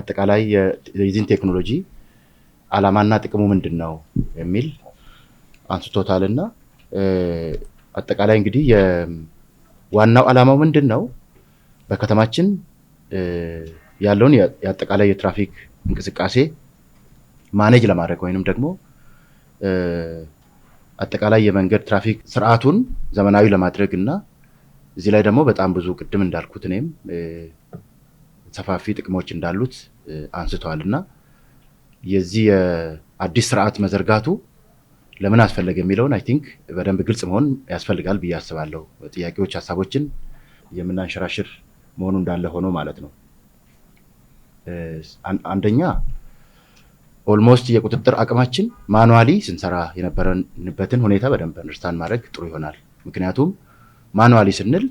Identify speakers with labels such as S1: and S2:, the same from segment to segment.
S1: አጠቃላይ የዚህን ቴክኖሎጂ አላማና ጥቅሙ ምንድን ነው የሚል አንስቶታል እና አጠቃላይ እንግዲህ ዋናው አላማው ምንድን ነው? በከተማችን ያለውን የአጠቃላይ የትራፊክ እንቅስቃሴ ማኔጅ ለማድረግ ወይንም ደግሞ አጠቃላይ የመንገድ ትራፊክ ስርዓቱን ዘመናዊ ለማድረግ እና እዚህ ላይ ደግሞ በጣም ብዙ ቅድም እንዳልኩት እኔም ሰፋፊ ጥቅሞች እንዳሉት አንስተዋል እና የዚህ የአዲስ ስርዓት መዘርጋቱ ለምን አስፈለገ የሚለውን አይ ቲንክ በደንብ ግልጽ መሆን ያስፈልጋል ብዬ አስባለሁ። ጥያቄዎች፣ ሀሳቦችን የምናንሸራሽር መሆኑ እንዳለ ሆኖ ማለት ነው። አንደኛ ኦልሞስት የቁጥጥር አቅማችን ማኑዋሊ ስንሰራ የነበረንበትን ሁኔታ በደንብ አንደርስታንድ ማድረግ ጥሩ ይሆናል። ምክንያቱም ማኑዋሊ ስንል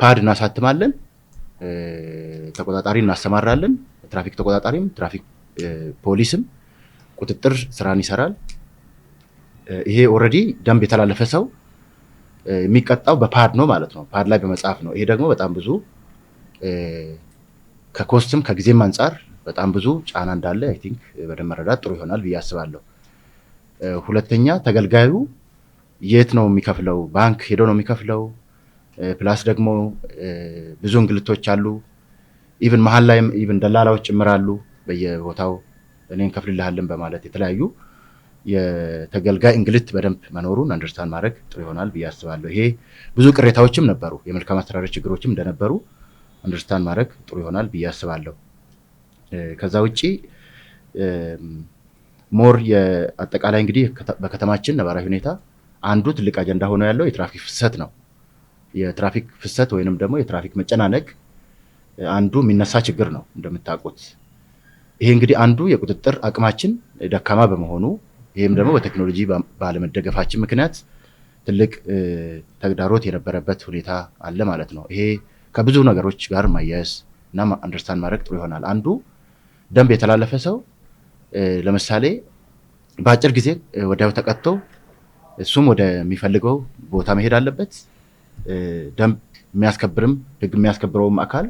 S1: ፓድ እናሳትማለን ተቆጣጣሪ እናሰማራለን። ትራፊክ ተቆጣጣሪም ትራፊክ ፖሊስም ቁጥጥር ስራን ይሰራል። ይሄ ኦልሬዲ ደንብ የተላለፈ ሰው የሚቀጣው በፓድ ነው ማለት ነው። ፓድ ላይ በመጻፍ ነው። ይሄ ደግሞ በጣም ብዙ ከኮስትም ከጊዜም አንጻር በጣም ብዙ ጫና እንዳለ አይ ቲንክ በደንብ መረዳት ጥሩ ይሆናል ብዬ አስባለሁ። ሁለተኛ ተገልጋዩ የት ነው የሚከፍለው? ባንክ ሄዶ ነው የሚከፍለው ፕላስ ደግሞ ብዙ እንግልቶች አሉ። ኢቭን መሀል ላይ ኢቭን ደላላዎች ጭምር አሉ በየቦታው እኔን ከፍልልሃለን በማለት የተለያዩ የተገልጋይ እንግልት በደንብ መኖሩን አንደርስታንድ ማድረግ ጥሩ ይሆናል ብዬ አስባለሁ። ይሄ ብዙ ቅሬታዎችም ነበሩ፣ የመልካም አስተዳደር ችግሮችም እንደነበሩ አንደርስታንድ ማድረግ ጥሩ ይሆናል ብዬ አስባለሁ። ከዛ ውጭ ሞር የአጠቃላይ እንግዲህ በከተማችን ነባራዊ ሁኔታ አንዱ ትልቅ አጀንዳ ሆኖ ያለው የትራፊክ ፍሰት ነው። የትራፊክ ፍሰት ወይንም ደግሞ የትራፊክ መጨናነቅ አንዱ የሚነሳ ችግር ነው እንደምታውቁት። ይሄ እንግዲህ አንዱ የቁጥጥር አቅማችን ደካማ በመሆኑ ይህም ደግሞ በቴክኖሎጂ ባለመደገፋችን ምክንያት ትልቅ ተግዳሮት የነበረበት ሁኔታ አለ ማለት ነው። ይሄ ከብዙ ነገሮች ጋር ማያያዝ እና አንደርስታንድ ማድረግ ጥሩ ይሆናል። አንዱ ደንብ የተላለፈ ሰው ለምሳሌ በአጭር ጊዜ ወዲያው ተቀጥቶ እሱም ወደሚፈልገው ቦታ መሄድ አለበት። ደንብ የሚያስከብርም ህግ የሚያስከብረውም አካል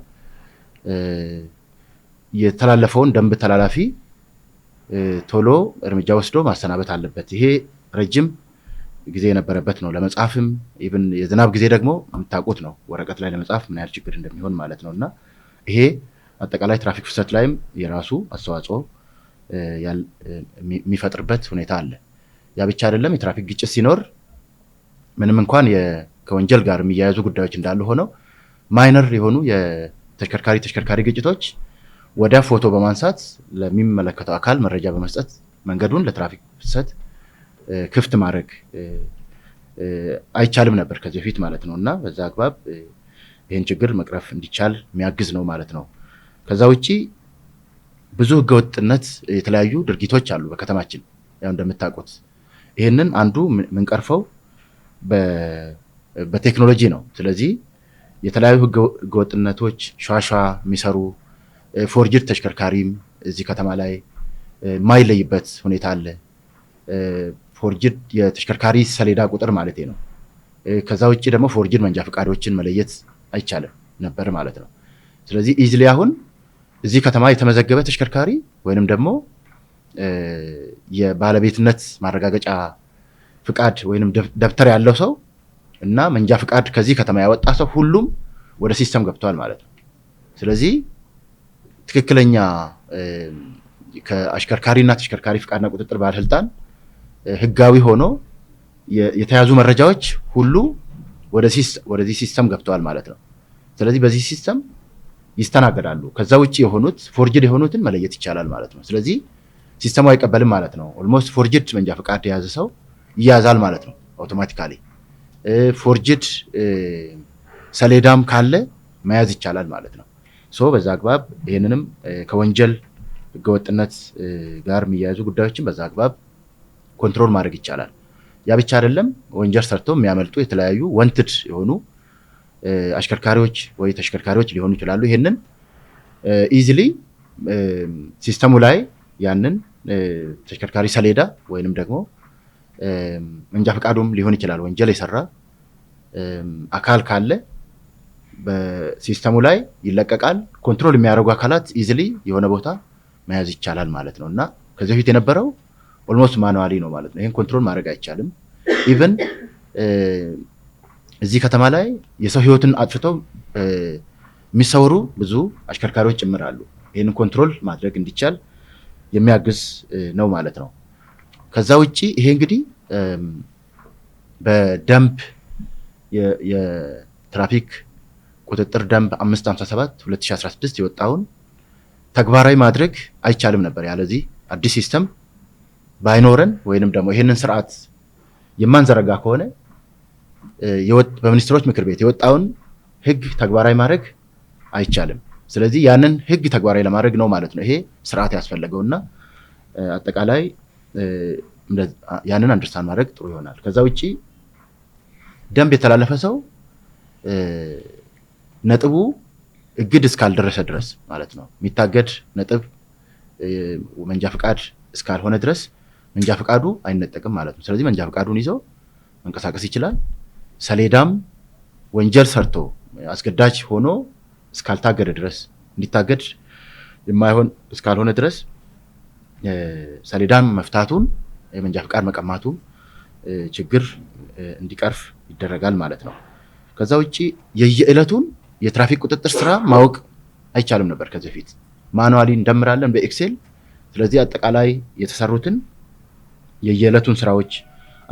S1: የተላለፈውን ደንብ ተላላፊ ቶሎ እርምጃ ወስዶ ማሰናበት አለበት። ይሄ ረጅም ጊዜ የነበረበት ነው። ለመጻፍም ኢቭን የዝናብ ጊዜ ደግሞ የምታውቁት ነው፣ ወረቀት ላይ ለመጻፍ ምን ያህል ችግር እንደሚሆን ማለት ነው። እና ይሄ አጠቃላይ ትራፊክ ፍሰት ላይም የራሱ አስተዋጽኦ የሚፈጥርበት ሁኔታ አለ። ያ ብቻ አይደለም። የትራፊክ ግጭት ሲኖር ምንም እንኳን ከወንጀል ጋር የሚያያዙ ጉዳዮች እንዳሉ ሆነው ማይነር የሆኑ የተሽከርካሪ ተሽከርካሪ ግጭቶች ወደ ፎቶ በማንሳት ለሚመለከተው አካል መረጃ በመስጠት መንገዱን ለትራፊክ ፍሰት ክፍት ማድረግ አይቻልም ነበር ከዚህ በፊት ማለት ነው። እና በዛ አግባብ ይህን ችግር መቅረፍ እንዲቻል የሚያግዝ ነው ማለት ነው። ከዛ ውጭ ብዙ ህገወጥነት የተለያዩ ድርጊቶች አሉ በከተማችን ያው እንደምታውቁት። ይህንን አንዱ ምንቀርፈው በቴክኖሎጂ ነው። ስለዚህ የተለያዩ ህገወጥነቶች ሻሻ የሚሰሩ ፎርጅድ ተሽከርካሪም እዚህ ከተማ ላይ የማይለይበት ሁኔታ አለ። ፎርጅድ የተሽከርካሪ ሰሌዳ ቁጥር ማለት ነው። ከዛ ውጭ ደግሞ ፎርጅድ መንጃ ፈቃዶችን መለየት አይቻልም ነበር ማለት ነው። ስለዚህ ኢዝሊ አሁን እዚህ ከተማ የተመዘገበ ተሽከርካሪ ወይንም ደግሞ የባለቤትነት ማረጋገጫ ፍቃድ ወይንም ደብተር ያለው ሰው እና መንጃ ፍቃድ ከዚህ ከተማ ያወጣ ሰው ሁሉም ወደ ሲስተም ገብተዋል ማለት ነው። ስለዚህ ትክክለኛ ከአሽከርካሪና ተሽከርካሪ ፍቃድና ቁጥጥር ባለስልጣን ህጋዊ ሆኖ የተያዙ መረጃዎች ሁሉ ወደዚህ ሲስተም ገብተዋል ማለት ነው። ስለዚህ በዚህ ሲስተም ይስተናገዳሉ። ከዛ ውጭ የሆኑት ፎርጅድ የሆኑትን መለየት ይቻላል ማለት ነው። ስለዚህ ሲስተሙ አይቀበልም ማለት ነው። ኦልሞስት ፎርጅድ መንጃ ፍቃድ የያዘ ሰው ይያዛል ማለት ነው አውቶማቲካሊ። ፎርጅድ ሰሌዳም ካለ መያዝ ይቻላል ማለት ነው። ሶ በዛ አግባብ ይህንንም ከወንጀል ህገወጥነት ጋር የሚያያዙ ጉዳዮችን በዛ አግባብ ኮንትሮል ማድረግ ይቻላል። ያ ብቻ አይደለም። ወንጀል ሰርተው የሚያመልጡ የተለያዩ ወንትድ የሆኑ አሽከርካሪዎች ወይ ተሽከርካሪዎች ሊሆኑ ይችላሉ። ይህንን ኢዚሊ ሲስተሙ ላይ ያንን ተሽከርካሪ ሰሌዳ ወይንም ደግሞ መንጃ ፈቃዱም ሊሆን ይችላል ወንጀል የሰራ አካል ካለ በሲስተሙ ላይ ይለቀቃል። ኮንትሮል የሚያደርጉ አካላት ኢዝሊ የሆነ ቦታ መያዝ ይቻላል ማለት ነው እና ከዚህ በፊት የነበረው ኦልሞስት ማኑዋሊ ነው ማለት ነው። ይህን ኮንትሮል ማድረግ አይቻልም። ኢቨን እዚህ ከተማ ላይ የሰው ህይወትን አጥፍተው የሚሰውሩ ብዙ አሽከርካሪዎች ጭምር አሉ። ይህንን ኮንትሮል ማድረግ እንዲቻል የሚያግዝ ነው ማለት ነው። ከዛ ውጭ ይሄ እንግዲህ በደንብ የትራፊክ ቁጥጥር ደንብ 557 2016 የወጣውን ተግባራዊ ማድረግ አይቻልም ነበር። ያለዚህ አዲስ ሲስተም ባይኖረን ወይንም ደግሞ ይሄንን ስርዓት የማንዘረጋ ከሆነ በሚኒስትሮች ምክር ቤት የወጣውን ህግ ተግባራዊ ማድረግ አይቻልም። ስለዚህ ያንን ህግ ተግባራዊ ለማድረግ ነው ማለት ነው ይሄ ስርዓት ያስፈለገው እና አጠቃላይ ያንን አንደርስታንድ ማድረግ ጥሩ ይሆናል። ከዛ ውጭ ደንብ የተላለፈ ሰው ነጥቡ እግድ እስካልደረሰ ድረስ ማለት ነው። የሚታገድ ነጥብ መንጃ ፈቃድ እስካልሆነ ድረስ መንጃ ፍቃዱ አይነጠቅም ማለት ነው። ስለዚህ መንጃ ፍቃዱን ይዘው መንቀሳቀስ ይችላል። ሰሌዳም ወንጀል ሰርቶ አስገዳጅ ሆኖ እስካልታገደ ድረስ እንዲታገድ የማይሆን እስካልሆነ ድረስ ሰሌዳን መፍታቱን የመንጃ ፍቃድ መቀማቱ ችግር እንዲቀርፍ ይደረጋል ማለት ነው። ከዛ ውጭ የየዕለቱን የትራፊክ ቁጥጥር ስራ ማወቅ አይቻልም ነበር ከዚህ በፊት ማኑዋሊ እንደምራለን በኤክሴል። ስለዚህ አጠቃላይ የተሰሩትን የየዕለቱን ስራዎች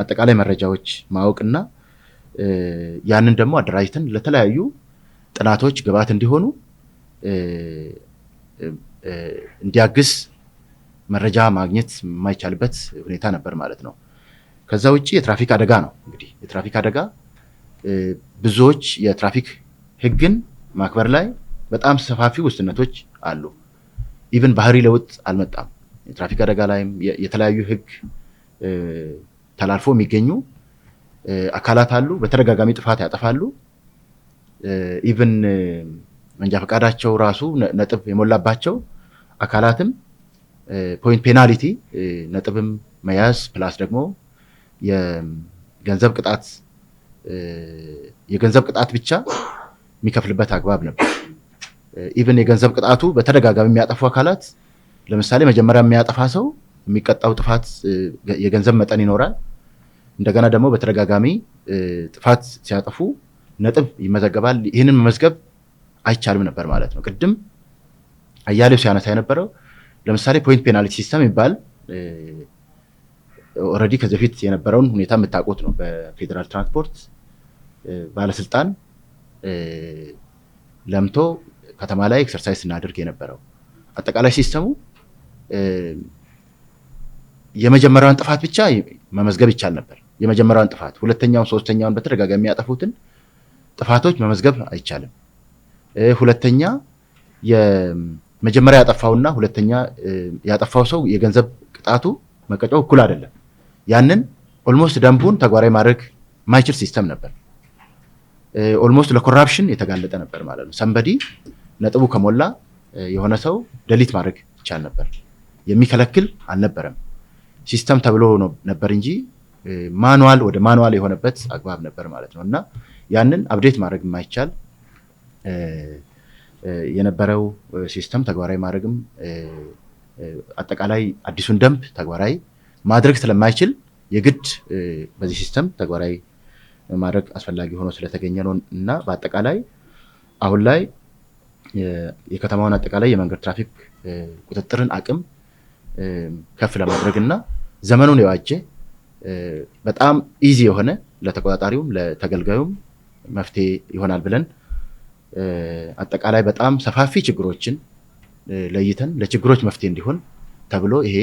S1: አጠቃላይ መረጃዎች ማወቅና ያንን ደግሞ አደራጅተን ለተለያዩ ጥናቶች ግብዓት እንዲሆኑ እንዲያግስ መረጃ ማግኘት የማይቻልበት ሁኔታ ነበር ማለት ነው። ከዛ ውጭ የትራፊክ አደጋ ነው እንግዲህ የትራፊክ አደጋ ብዙዎች የትራፊክ ህግን ማክበር ላይ በጣም ሰፋፊ ውስንነቶች አሉ። ኢቨን ባህሪ ለውጥ አልመጣም። የትራፊክ አደጋ ላይም የተለያዩ ህግ ተላልፎ የሚገኙ አካላት አሉ። በተደጋጋሚ ጥፋት ያጠፋሉ። ኢቨን መንጃ ፈቃዳቸው ራሱ ነጥብ የሞላባቸው አካላትም ፖይንት ፔናሊቲ ነጥብም መያዝ ፕላስ ደግሞ የገንዘብ ቅጣት የገንዘብ ቅጣት ብቻ የሚከፍልበት አግባብ ነበር። ኢቨን የገንዘብ ቅጣቱ በተደጋጋሚ የሚያጠፉ አካላት ለምሳሌ መጀመሪያ የሚያጠፋ ሰው የሚቀጣው ጥፋት የገንዘብ መጠን ይኖራል። እንደገና ደግሞ በተደጋጋሚ ጥፋት ሲያጠፉ ነጥብ ይመዘገባል። ይህንን መመዝገብ አይቻልም ነበር ማለት ነው። ቅድም አያሌው ሲያነሳ የነበረው ለምሳሌ ፖይንት ፔናልቲ ሲስተም ይባል ኦረዲ ከዚ በፊት የነበረውን ሁኔታ የምታውቁት ነው። በፌዴራል ትራንስፖርት ባለስልጣን ለምቶ ከተማ ላይ ኤክሰርሳይዝ ስናደርግ የነበረው አጠቃላይ ሲስተሙ የመጀመሪያውን ጥፋት ብቻ መመዝገብ ይቻል ነበር። የመጀመሪያውን ጥፋት፣ ሁለተኛውን፣ ሶስተኛውን በተደጋጋሚ ያጠፉትን ጥፋቶች መመዝገብ አይቻልም። ሁለተኛ መጀመሪያ ያጠፋውና ሁለተኛ ያጠፋው ሰው የገንዘብ ቅጣቱ መቀጫው እኩል አይደለም። ያንን ኦልሞስት ደንቡን ተግባራዊ ማድረግ ማይችል ሲስተም ነበር። ኦልሞስት ለኮራፕሽን የተጋለጠ ነበር ማለት ነው። ሰንበዲ ነጥቡ ከሞላ የሆነ ሰው ደሊት ማድረግ ይቻል ነበር። የሚከለክል አልነበረም። ሲስተም ተብሎ ነበር እንጂ ማኑዋል ወደ ማኑዋል የሆነበት አግባብ ነበር ማለት ነው እና ያንን አብዴት ማድረግ የማይቻል የነበረው ሲስተም ተግባራዊ ማድረግም አጠቃላይ አዲሱን ደንብ ተግባራዊ ማድረግ ስለማይችል የግድ በዚህ ሲስተም ተግባራዊ ማድረግ አስፈላጊ ሆኖ ስለተገኘ ነው እና በአጠቃላይ አሁን ላይ የከተማውን አጠቃላይ የመንገድ ትራፊክ ቁጥጥርን አቅም ከፍ ለማድረግ እና ዘመኑን የዋጀ በጣም ኢዚ የሆነ ለተቆጣጣሪውም ለተገልጋዩም መፍትሄ ይሆናል ብለን አጠቃላይ በጣም ሰፋፊ ችግሮችን ለይተን ለችግሮች መፍትሄ እንዲሆን ተብሎ ይሄ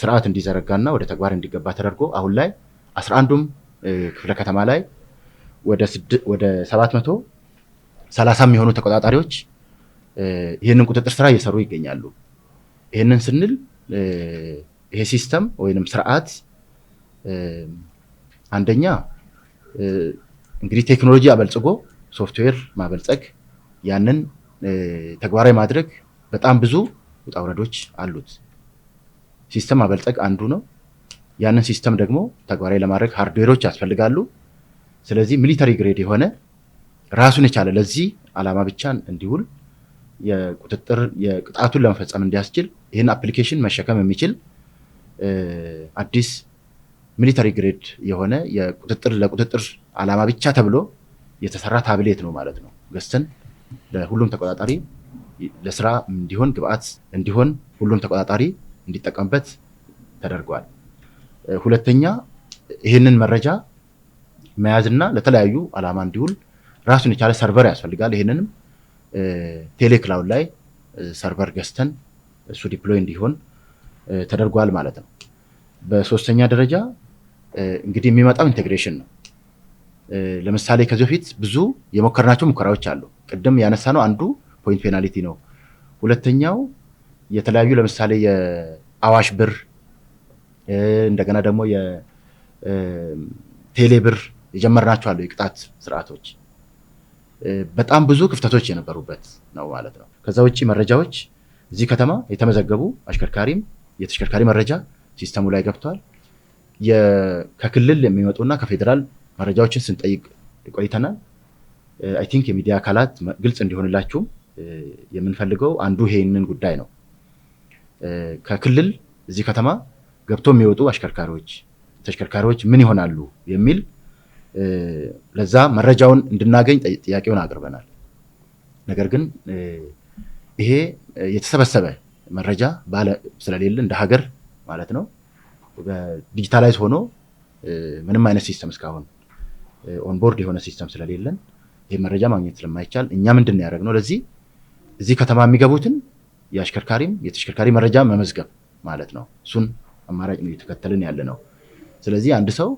S1: ስርዓት እንዲዘረጋና ወደ ተግባር እንዲገባ ተደርጎ አሁን ላይ 11ዱም ክፍለ ከተማ ላይ ወደ ሰባት መቶ ሰላሳ የሚሆኑ ተቆጣጣሪዎች ይህንን ቁጥጥር ስራ እየሰሩ ይገኛሉ። ይህንን ስንል ይሄ ሲስተም ወይንም ስርዓት አንደኛ እንግዲህ ቴክኖሎጂ አበልጽጎ ሶፍትዌር ማበልጸግ ያንን ተግባራዊ ማድረግ በጣም ብዙ ውጣ ውረዶች አሉት። ሲስተም ማበልጸግ አንዱ ነው። ያንን ሲስተም ደግሞ ተግባራዊ ለማድረግ ሃርድዌሮች ያስፈልጋሉ። ስለዚህ ሚሊተሪ ግሬድ የሆነ ራሱን የቻለ ለዚህ ዓላማ ብቻ እንዲውል የቁጥጥር የቅጣቱን ለመፈጸም እንዲያስችል ይህን አፕሊኬሽን መሸከም የሚችል አዲስ ሚሊተሪ ግሬድ የሆነ የቁጥጥር ለቁጥጥር ዓላማ ብቻ ተብሎ የተሰራ ታብሌት ነው ማለት ነው። ገዝተን ለሁሉም ተቆጣጣሪ ለስራ እንዲሆን ግብአት እንዲሆን ሁሉም ተቆጣጣሪ እንዲጠቀምበት ተደርጓል። ሁለተኛ ይህንን መረጃ መያዝና ለተለያዩ ዓላማ እንዲውል ራሱን የቻለ ሰርቨር ያስፈልጋል። ይህንንም ቴሌክላውድ ላይ ሰርቨር ገዝተን እሱ ዲፕሎይ እንዲሆን ተደርጓል ማለት ነው። በሶስተኛ ደረጃ እንግዲህ የሚመጣው ኢንቴግሬሽን ነው። ለምሳሌ ከዚህ በፊት ብዙ የሞከርናቸው ሙከራዎች አሉ። ቅድም ያነሳ ነው አንዱ ፖይንት ፔናሊቲ ነው። ሁለተኛው የተለያዩ ለምሳሌ የአዋሽ ብር እንደገና ደግሞ የቴሌ ብር የጀመርናቸው አሉ የቅጣት ስርዓቶች በጣም ብዙ ክፍተቶች የነበሩበት ነው ማለት ነው። ከዛ ውጭ መረጃዎች እዚህ ከተማ የተመዘገቡ አሽከርካሪም የተሽከርካሪ መረጃ ሲስተሙ ላይ ገብቷል። ከክልል የሚመጡና ከፌዴራል መረጃዎችን ስንጠይቅ ቆይተናል። አይ ቲንክ የሚዲያ አካላት ግልጽ እንዲሆንላችሁም የምንፈልገው አንዱ ይሄንን ጉዳይ ነው። ከክልል እዚህ ከተማ ገብቶ የሚወጡ አሽከርካሪዎች፣ ተሽከርካሪዎች ምን ይሆናሉ የሚል ለዛ መረጃውን እንድናገኝ ጥያቄውን አቅርበናል። ነገር ግን ይሄ የተሰበሰበ መረጃ ስለሌለ እንደ ሀገር ማለት ነው ዲጂታላይዝ ሆኖ ምንም አይነት ሲስተም እስካሁን ኦንቦርድ የሆነ ሲስተም ስለሌለን ይህ መረጃ ማግኘት ስለማይቻል እኛ ምንድን ነው ለዚህ እዚህ ከተማ የሚገቡትን የአሽከርካሪም የተሽከርካሪ መረጃ መመዝገብ ማለት ነው። እሱን አማራጭ ነው እየተከተልን ያለ ነው። ስለዚህ አንድ ሰው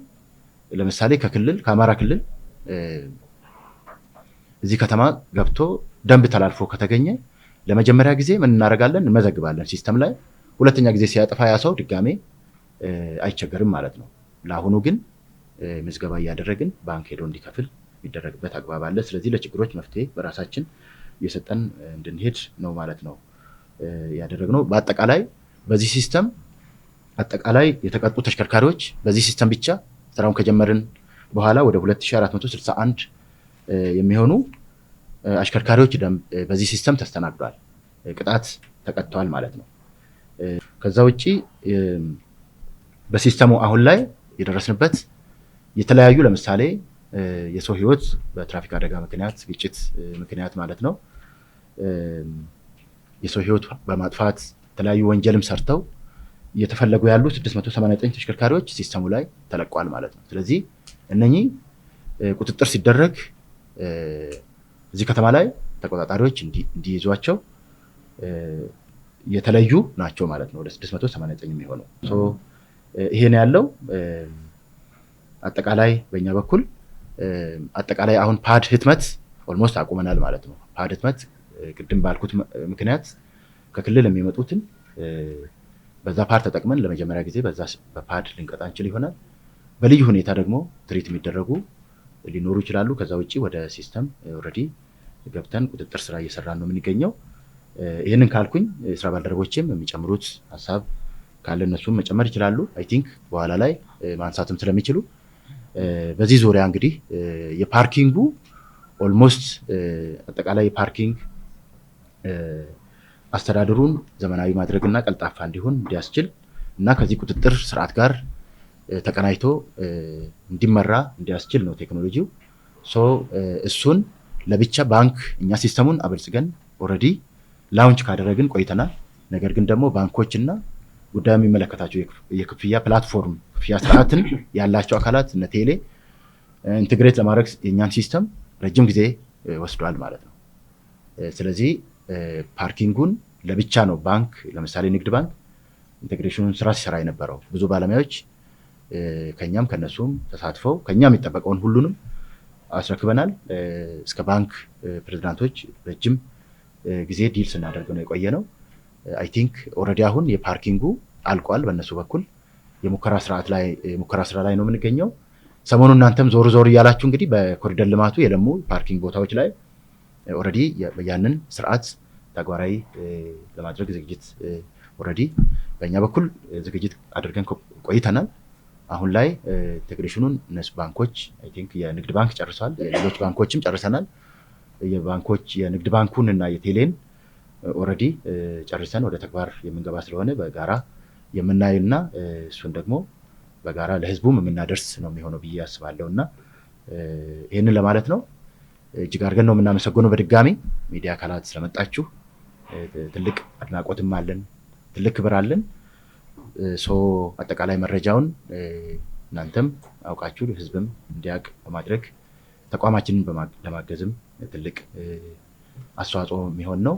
S1: ለምሳሌ ከክልል ከአማራ ክልል እዚህ ከተማ ገብቶ ደንብ ተላልፎ ከተገኘ ለመጀመሪያ ጊዜ ምን እናደርጋለን? እንመዘግባለን ሲስተም ላይ። ሁለተኛ ጊዜ ሲያጠፋ ያ ሰው ድጋሜ አይቸገርም ማለት ነው። ለአሁኑ ግን ምዝገባ እያደረግን ባንክ ሄዶ እንዲከፍል የሚደረግበት አግባብ አለ። ስለዚህ ለችግሮች መፍትሄ በራሳችን እየሰጠን እንድንሄድ ነው ማለት ነው ያደረግነው። በአጠቃላይ በዚህ ሲስተም አጠቃላይ የተቀጡ ተሽከርካሪዎች በዚህ ሲስተም ብቻ ስራውን ከጀመርን በኋላ ወደ 2461 የሚሆኑ አሽከርካሪዎች በዚህ ሲስተም ተስተናግዷል፣ ቅጣት ተቀጥተዋል ማለት ነው። ከዛ ውጭ በሲስተሙ አሁን ላይ የደረስንበት የተለያዩ ለምሳሌ የሰው ህይወት በትራፊክ አደጋ ምክንያት ግጭት ምክንያት ማለት ነው የሰው ህይወት በማጥፋት የተለያዩ ወንጀልም ሰርተው እየተፈለጉ ያሉ 689 ተሽከርካሪዎች ሲስተሙ ላይ ተለቋል ማለት ነው። ስለዚህ እነኚህ ቁጥጥር ሲደረግ እዚህ ከተማ ላይ ተቆጣጣሪዎች እንዲይዟቸው የተለዩ ናቸው ማለት ነው። ወደ 689 የሚሆነው ይሄን ያለው አጠቃላይ በእኛ በኩል አጠቃላይ አሁን ፓድ ህትመት ኦልሞስት አቁመናል ማለት ነው። ፓድ ህትመት ቅድም ባልኩት ምክንያት ከክልል የሚመጡትን በዛ ፓድ ተጠቅመን ለመጀመሪያ ጊዜ በዛ በፓድ ልንቀጣ እንችል ይሆናል። በልዩ ሁኔታ ደግሞ ትሪት የሚደረጉ ሊኖሩ ይችላሉ። ከዛ ውጭ ወደ ሲስተም ኦልሬዲ ገብተን ቁጥጥር ስራ እየሰራን ነው የምንገኘው። ይህንን ካልኩኝ የስራ ባልደረቦችም የሚጨምሩት ሀሳብ ካለ እነሱም መጨመር ይችላሉ። አይ ቲንክ በኋላ ላይ ማንሳትም ስለሚችሉ በዚህ ዙሪያ እንግዲህ የፓርኪንጉ ኦልሞስት አጠቃላይ የፓርኪንግ አስተዳደሩን ዘመናዊ ማድረግና ቀልጣፋ እንዲሆን እንዲያስችል እና ከዚህ ቁጥጥር ስርዓት ጋር ተቀናጅቶ እንዲመራ እንዲያስችል ነው ቴክኖሎጂው። ሶ እሱን ለብቻ ባንክ እኛ ሲስተሙን አበልጽገን ኦልሬዲ ላውንች ካደረግን ቆይተናል። ነገር ግን ደግሞ ባንኮች እና ጉዳዩ የሚመለከታቸው የክፍያ ፕላትፎርም ክፍያ ስርዓትን ያላቸው አካላት እነ ቴሌ ኢንትግሬት ለማድረግ የእኛን ሲስተም ረጅም ጊዜ ወስዷል ማለት ነው። ስለዚህ ፓርኪንጉን ለብቻ ነው ባንክ ለምሳሌ ንግድ ባንክ ኢንቴግሬሽኑን ስራ ሲሰራ የነበረው ብዙ ባለሙያዎች ከኛም ከነሱም ተሳትፈው ከኛም የሚጠበቀውን ሁሉንም አስረክበናል። እስከ ባንክ ፕሬዚዳንቶች ረጅም ጊዜ ዲል ስናደርግ ነው የቆየ ነው። አይ ቲንክ ኦልሬዲ አሁን የፓርኪንጉ አልቋል። በእነሱ በኩል የሙከራ ስርዓት ላይ የሙከራ ስራ ላይ ነው የምንገኘው። ሰሞኑ እናንተም ዞር ዞር እያላችሁ እንግዲህ በኮሪደር ልማቱ የለሙ ፓርኪንግ ቦታዎች ላይ ኦልሬዲ ያንን ስርዓት ተግባራዊ ለማድረግ ዝግጅት ኦልሬዲ በእኛ በኩል ዝግጅት አድርገን ቆይተናል። አሁን ላይ ቴክኒሽኑን እነሱ ባንኮች አይ ቲንክ የንግድ ባንክ ጨርሷል። ሌሎች ባንኮችም ጨርሰናል። የባንኮች የንግድ ባንኩን እና የቴሌን ኦልሬዲ ጨርሰን ወደ ተግባር የምንገባ ስለሆነ በጋራ የምናይና እሱን ደግሞ በጋራ ለህዝቡም የምናደርስ ነው የሚሆነው ብዬ አስባለሁ እና ይህንን ለማለት ነው። እጅግ አድርገን ነው የምናመሰግነው። በድጋሚ ሚዲያ አካላት ስለመጣችሁ ትልቅ አድናቆትም አለን፣ ትልቅ ክብር አለን። ሶ አጠቃላይ መረጃውን እናንተም አውቃችሁ ህዝብም እንዲያውቅ በማድረግ ተቋማችንን ለማገዝም ትልቅ አስተዋጽኦ የሚሆን ነው።